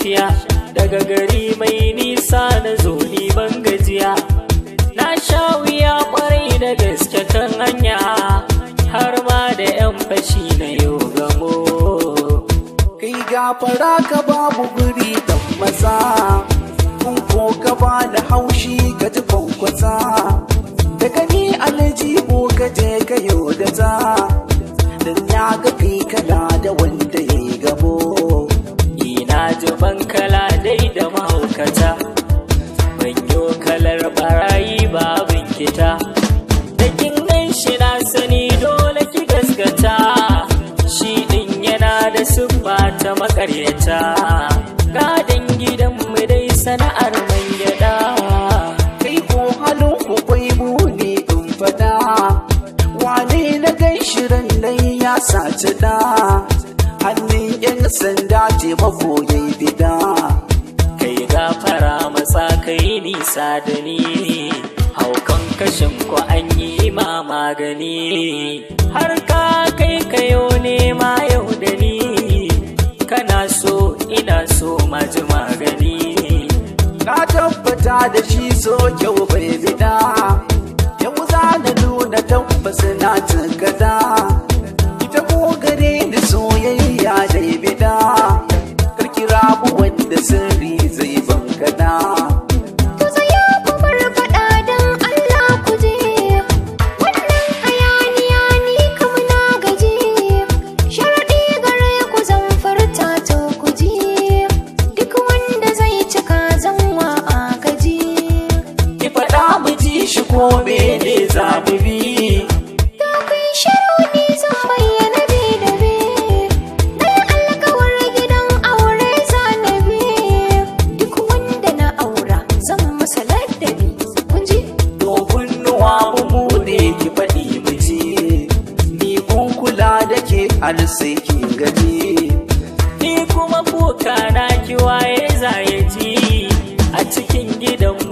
safiya daga gari mai nisa na zo ni ban gajiya na sha wuya kwarai da gaske kan hanya har ma da yan fashi na yau gamo kai gafara ka babu guri don maza kun ko ka ba da haushi ka ji kwankwasa sun bata makaryata gadon gidanmu dai sana'ar mai kai ko halin ku kwai buɗe ɗin fada wane na kai shirin nan ya saci da hannun yan sanda taimako ya bida kai gafara matsa kai nisa da ni haukan kashin ku an yi ma magani har ta da shi so kyau bai bida yau za na nuna tabbas na tankata ita ko gare ni soyayya dai bida karkira mu wanda sun ko mene za mu bi. Dogon sharuɗi bayyana bi da bi, ɗaya alkawar gidan aure za na bi. Duk wanda na aura zan masa ladabi, kun ji? Dogon nuwa mu ne ki faɗi mu ji, ni kun kula da ke alsai kin gaji. Ni kuma kuka na ki waye za ya ji a cikin gidan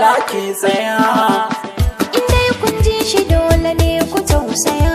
Allah ke tsaya. In dai kun ji shi dole ne ku tausaya.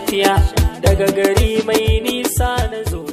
tafiya daga gari mai nisa na zo